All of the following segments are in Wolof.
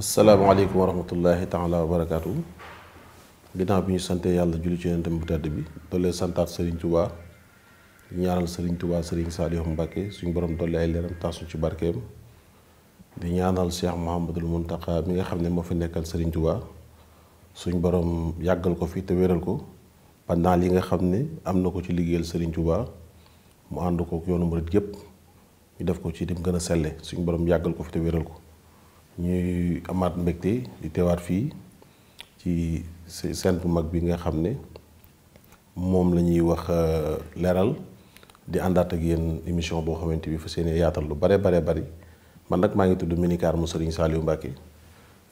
asalaamaaleykum wa rahmatullahi taala wa barakaatu ginnaaw bi ñu santee yàlla julli ci yonentam bu tedd bi doole santaat Serigne Touba ñaanal Serigne Touba Serigne Saliou Mbacké suñu borom doole ay leeram tax ci barkeem di ñaanal Cheikh Mouhamadul Mountakha mi nga xam ne moo fi nekkal Serigne Touba suñ boroom yàggal ko fi te wéral ko pendant li nga xam ne am na ko ci liggéeyal Serigne Touba. mu ànd ko yoonu murit yëpp ñu def ko ci dim gën a selle suñ borom yàggal ko fi te wéral ko ñuy amaat mbégte di teewaat fii ci seen bu mag bi nga xam ne moom lañuy ñuy wax euh, leeral di àndaat ak yéen émission boo xamante bi fa seen yaatal lu bare bare bari man nag maa ngi tudd minicar mu Serigne Saliou Mbacke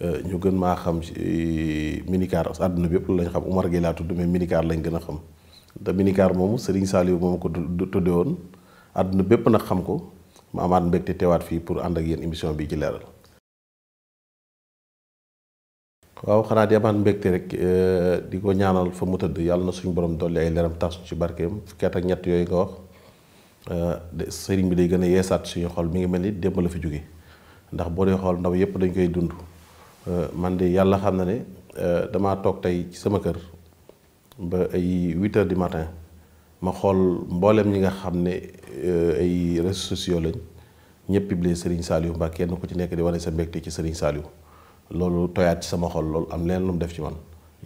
euh, ñu gën maa xam ci euh, minicar àdduna bi yëpp lañ xam Umar Gueye laa tudd mais minicar lañ gën a xam dominicar moomu Serigne Saliou moom ko tudde woon àdduna bépp nag xam ko mu amaat mbégte teewaat fii pour ànd ak yéen émission bi ci leeral. waaw xanaa di amaat mbégte rek euh, di ko ñaanal fa mu tëdd yàlla na suñu borom dolli ay leeram tas ci barkeem fukki at ak ñett yooyu nga wax euh, sëriñ bi day gën a yeesaat suñu xol mi ngi mel ni démb la fi jóge ndax boo dee xool ndaw yépp dañ koy dund euh, man de yàlla xam na ne damaa toog tey ci sama kër. ba ay huit heures du matin ma xool mbooleem ñi nga xam ne euh, ay réseaux sociaux lañ ñëpp publier Serigne Saliou Mbacke kenn ku ci nekk di wane sa mbégte ci Serigne Saliou loolu toyaat ci sama xol loolu am leen lu mu def ci man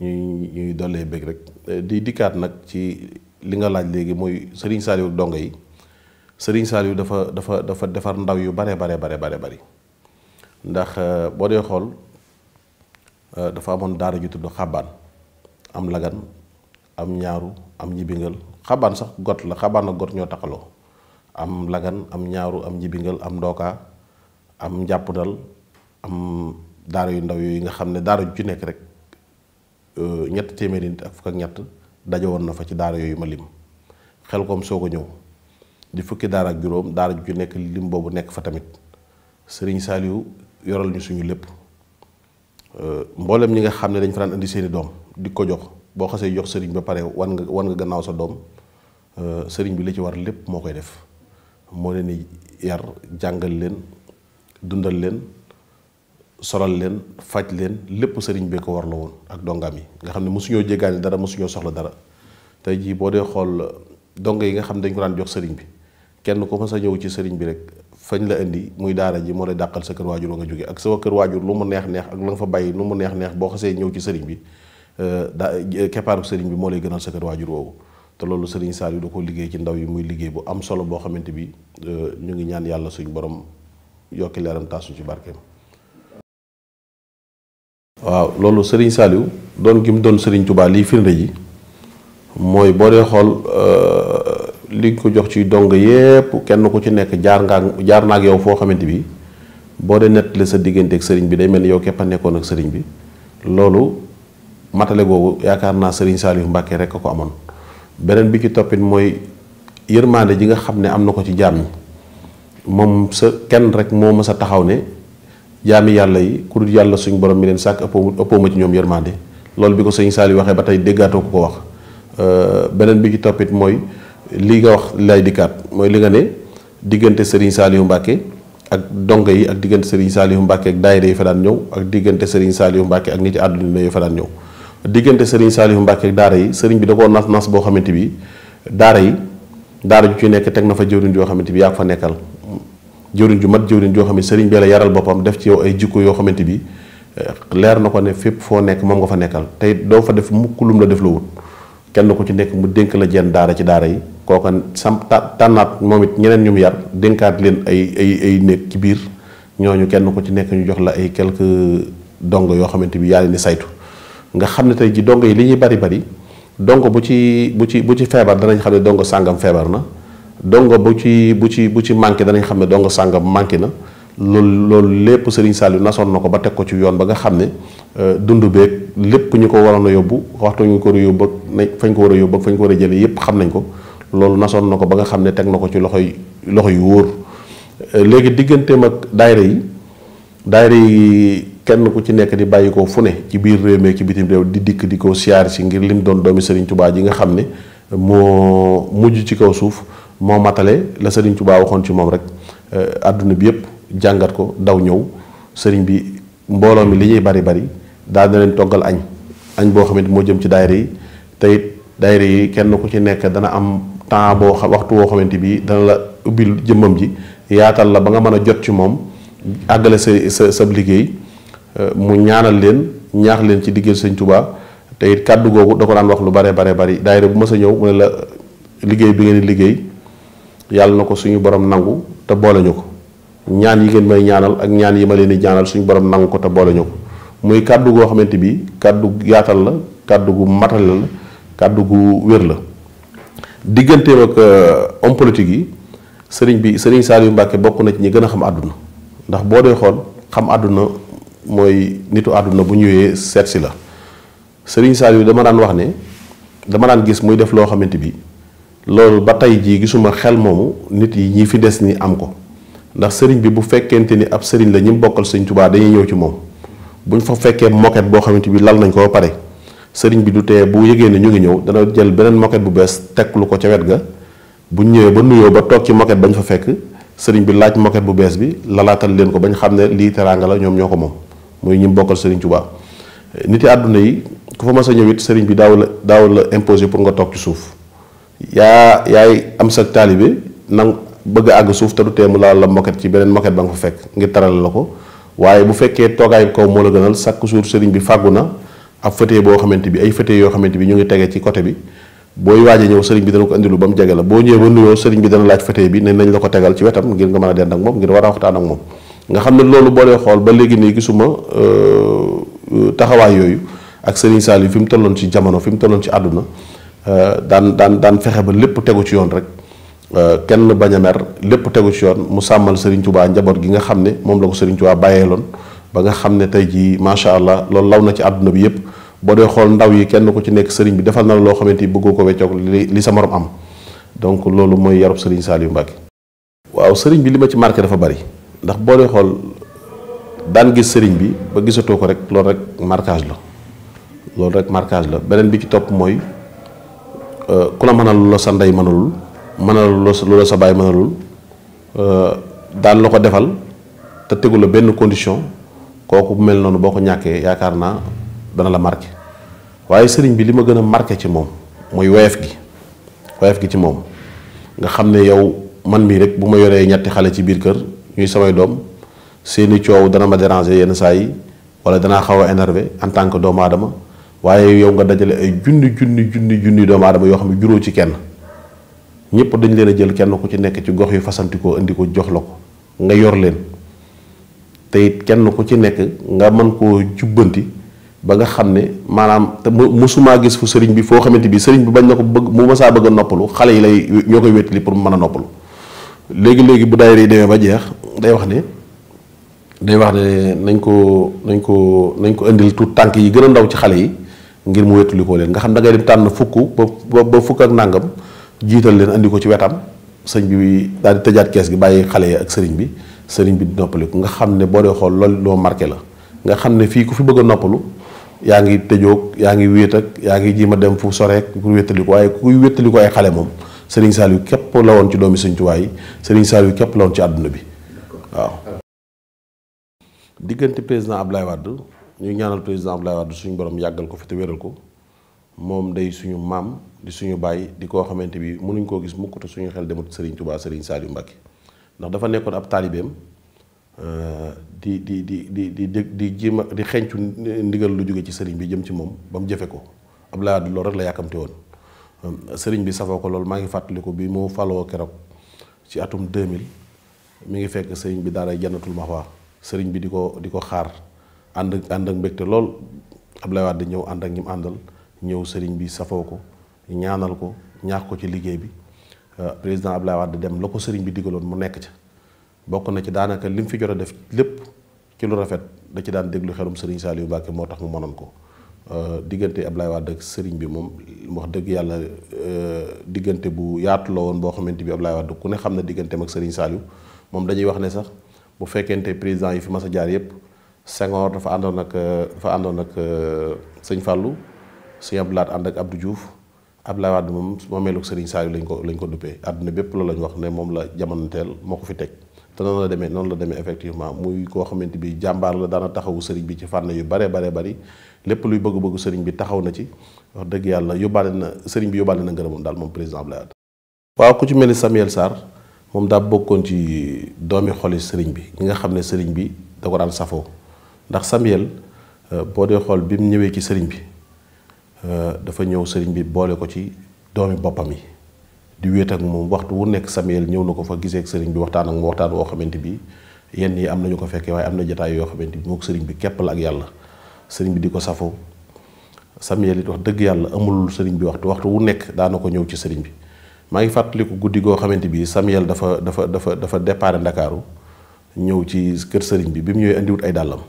ñuy ñuy dollee bëgg rek euh, di dikkaat nag ci li nga laaj léegi mooy Serigne Saliou dongo yi Serigne Saliou dafa dafa dafa defar ndaw yu bare bare bare bare bari ndax euh, boo dee xool dafa amoon daara ju tudd xàbbaan am lagan am ñaaru am ñibingal xaban sax got la xaban ak got ñoo taxaloo am lagan am ñaaru am ñibingal am ndookaa am njàppandal am daara yu ndaw yi nga xam ne daara ju ci nekk rek euh, ñett téeméeri nit ak fukk ak ñett daje woon na fa ci daara yooyu ma lim xel koom soo ko ñëw di fukki daara ak juróom daara ju ci nekk lim boobu nekk fa tamit sëriñ Saliou yoral ñu suñu lépp euh, mboolem ñi nga xam ne dañ fa indi seeni doom di ko jox boo xasee jox sëriñ ba pare wan nga wan nga gannaaw sa doom euh, sëriñ bi li ci war lépp moo koy def moo leen di yar jàngal leen dundal leen solal leen faj leen lépp sëriñ bee ko war la woon ak dongaam yi nga xam ne mosuñoo jéggaani dara mosuñoo soxla dara te jii boo dee xool euh, donga yi nga xam ne dañ ko daan jox sëriñ bi kenn ko mës a ñëw ci sëriñ bi rek fañ la indi muy daara ji moo lay dàqal sa kër waajur nga jóge ak sa kër waajur lu mu neex neex ak la nga fa bàyyi lu mu neex neex boo xasee ñëw ci sëriñ bi Euh, daa euh, keppaaru sëriñ bi moo lay gënal sa kër waajur woowu te loolu sëriñ Saliou du ko liggéey ci ndaw yi muy liggéey bu am solo boo xamante bi euh, ñu ngi ñaan yàlla suñu borom yokki leeram taasu ci barkeem. waaw loolu sëriñ Saliou doon gi mu doon sëriñ Touba lii firnde ji mooy boo dee xool li ko jox ci dong yépp kenn ku ci nekk jaar nga jaar naa ak yow foo xamante bi boo dee nettali sa diggante ak sëriñ bi day mel ni yow képp a nekkoon ak sëriñ bi loolu. matale googu yaakaar naa Serigne Saliou Mbacke rek ko amoon beneen bi ci toppit mooy yërmaande ji nga xam ne am na ko ci jaam moom sa kenn rek moo mës a taxaw ne jaami yàlla yi ku dul yàlla suñ borom mi leen sàkk ëppoo ëppoo ma ci ñoom yërmaande lool bi ko Serigne Saliou waxee ba tey déggaatoo ko ko wax euh, beneen bi ci toppit mooy li nga wax lay dikkaat mooy li nga ne diggante Serigne Saliou Mbacke ak dongo yi ak diggante Serigne Saliou Mbacke ak daayira yi fa daan ñëw ak diggante Serigne Saliou Mbacke ak ñi ci yu yi fa daan ñëw. diggante Serigne Saliou Mbacke ak daara yi Serigne bi da koo nas nas boo xamante bi daara yi daara ju ci nekk teg na fa jëwriñ yoo xamante bi yaa ko fa nekkal jëwriñ ju mat jëwriñ joo xam ne Serigne bi la yaral boppam def ci yow ay jikko yoo xamante bi eh, leer na ko ne fépp foo nekk moom nga fa nekkal tey doo fa def mukk lum la def la wut kenn ku ci nekk mu dénk la jenn daara ci daara yi kooka sam tànnaat moom it ñeneen ñu mu yar dénkaat leen ay ay ay néeg ci biir ñooñu kenn ku ci nekk ñu jox la ay quelques dong yoo xamante bi yaa leen di saytu. nga xam ne tey ji dongo yi li ñuy bari bari dongo bu ci bu ci bu ci feebar danañ xam ne dongo sàngam feebar na dongo bu ci bu ci bu ci manqué danañ xam ne dongo sàngam manqué na loolu loolu lépp Serigne Saliou nasoon na ko ba teg ko ci yoon ba nga xam ne euh, dundu beeg lépp ñu ko waroon a yóbbu waxtu ñu ko war a yóbbu ak na fañ ko war a yóbbu ak war a jëlee yépp xam nañ ko loolu nasoon na ko ba nga xam ne teg na ko ci loxoy loxo yu wóor euh, léegi digganteem ak daayira yi daayira yi kenn ku ci nekk di bàyyi ko fu ne ci biir réew mi ci bitim réew di dikk di ko siyaar si ngir lim doon doomi Serigne Touba ji nga xam ne moo mujj ci kaw suuf moo matale la Serigne Touba waxoon ci moom rek àdduna eh, bi yëpp jàngat ko daw ñëw sëriñ bi mbooloo mi li ñuy bari bari daal na leen toggal añ añ boo xam ne moo jëm ci daayira yi te it daayira yi kenn ku ci nekk dana am temps boo xam waxtu woo xamante bi dana la ubbil jëmmam ji yaatal la ba nga mën a jot ci moom àggale sa sa sab liggéey Euh, mu ñaanal leen ñaax leen ci diggéel sëñ Touba te it kàddu googu da ko daan wax lu bare bare bari daayira bu mës a ñëw mu ne la liggéey bi ngeen di liggéey yàlla na ko suñu borom nangu te boole ko ñaan yi ngeen may ñaanal ak ñaan yi ma leen di ñaanal suñu borom nangu ko te boole ñu ko muy kàddu goo xamante bi kàddu yaatal la kàddu gu matal la kàddu gu wér la digganteem ak euh, homme politique yi sëriñ bi sëriñ Saliou Mbacke bokk na ci ñi gën a xam àdduna ndax boo dee xam àdduna mooy nitu àdduna bu ñëwee seet si la Serigne Saliou dama daan wax ne dama daan gis muy def loo xamante bi loolu ba tey jii gisuma xel moomu nit yi ñii fi des ni am ko ndax sëriñ bi bu fekkente ni ab sëriñ la ñi mu bokkal sëriñ Tuubaa dañuy ñëw ci moom bu ñu fekkee moquette boo xamante bi lal nañ ko ba pare sëriñ bi du tee bu yëgee ne ñu ngi ñëw dana jël beneen moquette bu bees lu ko ca wet ga bu ñu ñëwee ba nuyoo ba toog ci moquette ba ñu fa fekk sëriñ bi laaj moquette bu bees bi lalaatal leen ko bañ xam ne lii teraanga la ñoom ñoo ko moom. muy ñi bokkal Serigne Touba nit yi àdduna yi ku fa mas a ñëw it Serigne bi daaw la daaw la imposé pour nga toog ci suuf yaa yaay am sa taalibe nang bëgg a àgg suuf te du tee mu laal la moquette ci beneen moquette ba nga fa fekk ngir taral la ko waaye bu fekkee toogaay kaw moo la gënal chaque jour Serigne bi fàggu na ab fauteuil boo xamante bi ay fauteuil yoo xamante bi ñu ngi tegee ci côté bi booy waaje ñëw sëriñ bi dana ko indilu ba mu jege la boo ñëwee ba nuyoo ko tegal ci wetam ngir nga a dend ak moom a waxtaan ak nga xam ne loolu boo dee xool ba léegi nii gisuma euh, euh, taxawaay yooyu ak Serigne Saliou fi mu tolloon ci jamono fi mu tolloon ci àdduna euh, daan daan daan fexe ba lépp tegu ci yoon rek kenn bañ a mer lépp tegu ci yoon mu sàmmal Serigne Touba njaboot gi nga xam ne moom la ko Serigne Touba bàyyeeloon ba nga xam ne tey jii macha allah loolu law na ci àdduna bi yépp boo dee xool ndaw yi kenn ku ci nekk Serigne bi defal na la loo xamante ni bëggoo ko weccoog li li sa morom am donc loolu mooy yarub Serigne Saliou Mbacke. waaw Serigne bi li ma ci marqué dafa bari. ndax boo dee xool daan gis sëriñ bi ba gisatoo ko rek loolu rek marquage la loolu rek marquage la beneen bi ci topp mooy euh, ku la mënal lu la sa ndey mënalul mënal lu la sa baay mënalul euh, daan la ko defal te tegu la benn condition kooku mel noonu boo ko ñàkkee yaakaar naa dana la marqué waaye sëriñ bi li ma gën a marqué ci moom mooy woyof gi woyof gi ci moom nga xam ne yow man mii rek bu ma yoree ñetti xale ci biir kër. ñuy samay doom seeni coow dana ma déranger yenn saa yi wala danaa xaw a énervé en tant que doomu aadama waaye yow nga dajale ay junni junni junni junni doom aadama yoo xam ne juróo ci kenn ñëpp dañ leen a jël kenn ku ci nekk ci gox yu fasantikoo indi ko jox la ko nga yor leen te it kenn ku ci nekk nga mën koo jubbanti ba nga xam ne maanaam te mësumaa gis fu sëriñ bi foo xamante bi sëriñ bi bañ na ko bëgg mu mësaa bëgg a noppalu xale yi lay ñoo koy wétali pour mu mën a noppalu léegi léegi bu daayira yi demee ba jeex day wax ne day wax ne nañ ko nañ ko nañ ko indil tuut tànk yi gën a ndaw ci xale yi ngir mu wetuli leen nga xam da ngay dem tànn fukk ba ba fukk ak nàngam jiital leen indi ko ci wetam sëñ bi daal tëjaat kees gi bàyyi xale yi ak sëriñ bi sëriñ bi di noppaliku nga xam ne boo dee xool loolu loo marqué la nga xam ne fii ku fi bëgg a noppalu yaa ngi tëjoog yaa ngi wéet ak yaa ngi ji ma dem fu soreek ku wéttali ko waaye kuy wéttali ay xale moom Serigne Saliou képp la woon ci doomi Sëñ Tuubaa yi Serigne Saliou képp la woon ci àdduna bi waaw. diggante président ab Abdoulaye wadd ñu ñaanal président Abdoulaye Wade suñu borom yàggal ko fi te wéral ko moom dey suñu maam di suñu baay di koo xamante bi mënuñ koo gis mukk te suñu xel demut Serigne Touba Serigne Saliou Mbacké ndax dafa nekkoon ab taalibeem euh, di di di di di di jéem a di xencu ndigal lu jóge ci sëriñ bi jëm ci moom ba mu jëfe ko Abdoulaye Wade loolu rek la yàkkamte woon. sëriñ bi safoo ko loolu maa ngi fàttaliku bi mu faloo keroog ci atum 2000 mi ngi fekk sëriñ bi daal ay jannatul maxwa sëriñ bi di ko di ko xaar ànd ànd ak mbégte lool Abdoulaye Wade ñëw ànd ak ñi mu àndal ñëw sëriñ bi safoo ko ñaanal ko ñaax ko ci liggéey bi euh, président Abdoulaye Wade dem la ko sëriñ bi digaloon mu nekk ca bokk na ci daanaka li mu fi jot a def lépp ci lu rafet da ci daan déglu xelum sëriñ Saliou Mbacké moo tax mu mënoon ko. Euh, diggante Ablaye Wade ak sëriñ bi moom wax dëgg yàlla euh, diggante bu yaatu la woon boo xamante bi ab Ablaye Wade ku ne xam ne digganteem ak sëriñ Saliou moom dañuy wax ne sax bu fekkente président yi fi mas a jaar yëpp Senghor dafa àndoon ak euh, dafa àndoon ak sëñ Fallou sëñ Abdou Lahad ànd ak Abdou Diouf Ablaye Wade moom moomeelu sëriñ Saliou lañ ko lañ ko duppee àdduna bépp loolu lañ wax ne moom la jamonanteel moo ko fi teg. te noonu la demee noonu la demee effectivement muy koo xamante bi jàmbaar la daana taxawu sëriñ bi ci fànn yu bare bare bari lépp luy bëgg-bëggu sëriñ bi taxaw na ci wax dëgg yàlla yóbbaale na sëriñ bi yóbbaale na ngërëmam daal moom président Abdoulaye Wade waaw ku ci mel ni Samuel Sarr moom daa bokkoon ci doomi xoli sëriñ bi ki nga xam ne sëriñ bi da ko daan safoo ndax Samuel euh, boo dee xool bi mu ñëwee ci sëriñ bi euh, dafa ñëw sëriñ bi boole ko ci doomi boppam yi di wéet ak moom waxtu wu nekk Samuel ñëw na ko fa gisee ak sëriñ bi waxtaan ak mu waxtaan woo xamante bii yenn yi am nañu ko fekkee waaye am na jataay yoo xamante bi mook sëriñ bi képp la yàlla sëriñ bi di ko safoo Samuel it wax dëgg yàlla amul sëriñ bi waxtu waxtu wu nekk daana ko ñëw ci sëriñ bi maa ngi fàttaliku guddi goo xamante bii Samuel dafa dafa dafa dafa départ Ndakaaru ñëw ci kër sëriñ bi bi mu ñëwee indiwut ay dàllam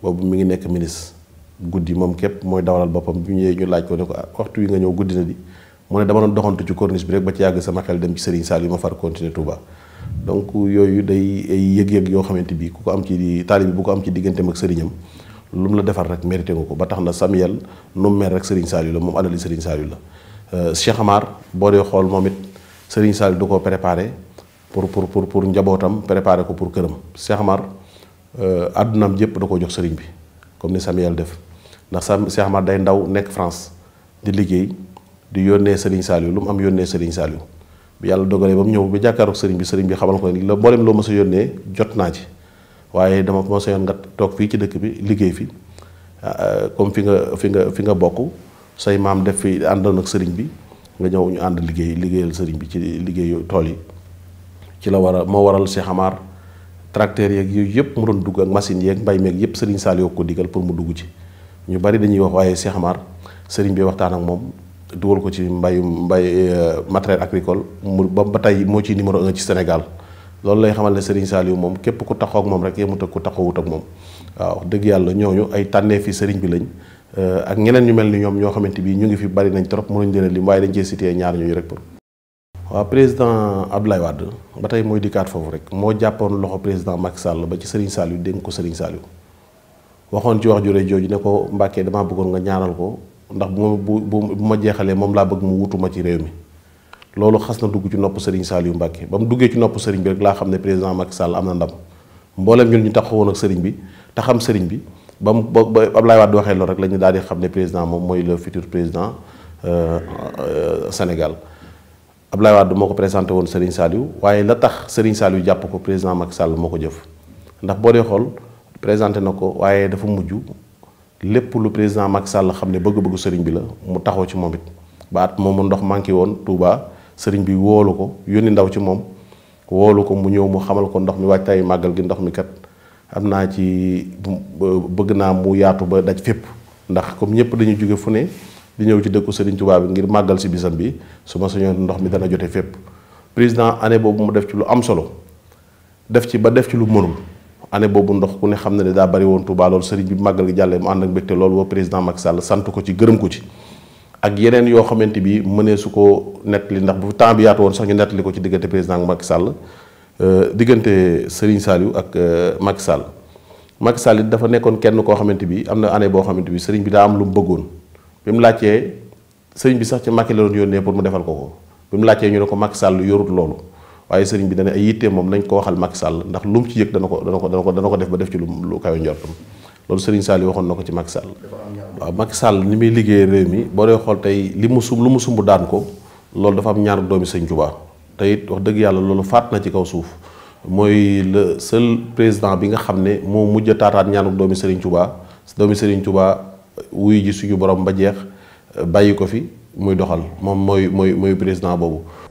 boobu mu ngi nekk ministre guddi moom képp mooy dawalal boppam bi ñëwee ñu laaj ko ne ko ah, waxtu yi nga ñëw guddi na di mu ne dama doon doxantu ci corniche bi rek ba ci yàgg sama xel dem ci Serigne Sall yi ma far continuer Touba donc yooyu day ay yëg-yëg yoo xamante bi ku ko am ci taalib bi bu ko am ci digganteem ak sëriñam lu mu la defar rek mérité nga ko ba tax na Samuel nu mu mel rek Serigne Sall la moom alali Serigne Sall la euh, Cheikh Amar boo dee xool moom it Serigne Sall du ko préparé pour pour pour pour njabootam préparé ko pour këram Cheikh Amar euh, àddunaam yëpp da koo jox sëriñ bi comme ni Samuel def ndax Cheikh Amar day ndaw nekk France di liggéey. di yónnee Serigne Saliou lu mu am yónnee Serigne Saliou bi yàlla dogalee ba mu ñëw ba jàkkaaru sëriñ bi sëriñ bi xamal ko la mboolem loo mës a yónnee jot naa ci waaye dama ma sa yoon nga toog fii ci dëkk bi liggéey fi euh, comme fi nga fi nga fi nga bokk say maam def fi àndoon ak Serigne bi nga ñëw ñu ànd liggéey liggéeyal Serigne bi ci liggéeyu tool yi ci la war a moo waral Cheikh Amar tracteur yeeg yooyu yëpp mu doon dugg ak machine yeeg mbay meeg yëpp Serigne Saliou ko digal pour mu dugg ci ñu bari dañuy wax waaye Cheikh Amar bi waxtaan ak moom. dugal ko ci mbayum mbay euh, matériel agricole mu ba ba tey moo ci numéro un ci Sénégal loolu lay xamal ne Serigne Saliou moom képp ku taxoo ak moom rek yemut ak ku taxawut ak moom waaw dëgg yàlla ñooñu ay tànnee fi Serigne bi lañ euh, ak ñeneen ñu mel ni ñoom ñoo xamante bi ñu ngi fi bari nañ trop mënuñ leen lim waaye dañ cee ñaar ñooñu rek pour. waaw président Abdoulaye Wade ba tey mooy dikkaat foofu rek moo jàppoon loxo président Macky Sall ba ci Serigne Saliou dénk ko Serigne Saliou waxoon ci wax ju rëy jooju ne ko Mbàkke damaa bëggoon nga ñaanal ko. ndax bu bu bu ma jeexalee moom laa bëgg mu wutuma ci réew mi loolu xas na dugg ci nopp Serigne Saliou Mbacke ba mu duggee ci nopp Serigne bi rek laa xam ne président ak Sall am na ndam mboolem ñun ñu tax woon ak sëriñ bi te xam Serigne bi ba mu ba ba Abdoulaye Wade waxee loolu rek la ñu daal di xam ne président moom mooy le futur président euh, euh, Sénégal Abdoulaye Wade moo ko présenté woon Serigne Saliou waaye la tax Serigne Saliou jàpp ko président Macky Sall moo ko jëf ndax boo dee xool présenté na ko waaye dafa mujj. lépp lu président Macky Sall xam ne bëgg-bëggu sëriñ bi la mu taxaw ci moom it ba at moomu ndox manqué woon Touba sëriñ bi woolu ko yónni ndaw ci moom woolu ko mu ñëw mu xamal ko ndox mi waaj tay màggal gi ndox mi kat am naa ci euh, bëgg naa mu yaatu ba daj fépp ndax comme ñëpp dañuy jóge fu ne di ñëw ci dëkku sëriñ Touba bi ngir màggal si bisam bi su ma sañoon ndox mi dana jote fépp président année boobu mu def ci lu am solo def ci ba def ci lu mënul année boobu ndox ku ne xam na ne daa bari woon Touba loolu sëriñ bi màggal gi jàllee mu ànd ak mbégte loolu woo président Macky Sall sant ko ci gërëm ko ci ak yeneen yoo xamante bi mënee su ko nettali ndax bu temps bi yaatu woon sax ñu nettali ko ci diggante président Macky Sall euh, diggante Serigne Saliou ak euh, Macky Sall Macky Sall it dafa nekkoon kenn koo xamante bi am na année boo xamante bi sëriñ bi daa am lu mu bëggoon bi mu laajtee sëriñ bi sax ci Macky la doon yónnee pour mu defal ko ko bi mu laajtee ñu ne ko Macky Sall yorut loolu waaye sëriñ bi dana ay yittee moom nañ ko waxal Macky sàll ndax lu mu ci yëg dana ko dana ko dana ko dana ko def ba def ci lu lu kawe njortam loolu sëriñ Sall yi waxoon na ko ci Macky Sall waaw Macky Sall ni muy liggéey réew mi boo dee xool tey li mu sum lu mu sumb daan ko loolu dafa am ñaar doomi sëñ Tuubaa te it wax dëgg yàlla loolu faat na ci kaw suuf mooy le seul président bi nga xam ne moo mujj a taataat ñaanu doomi sëriñ Tuubaa doomi sëriñ Tuubaa wuyu ji suñu borom ba jeex bàyyi ko fi muy doxal moom mooy mooy mooy président boobu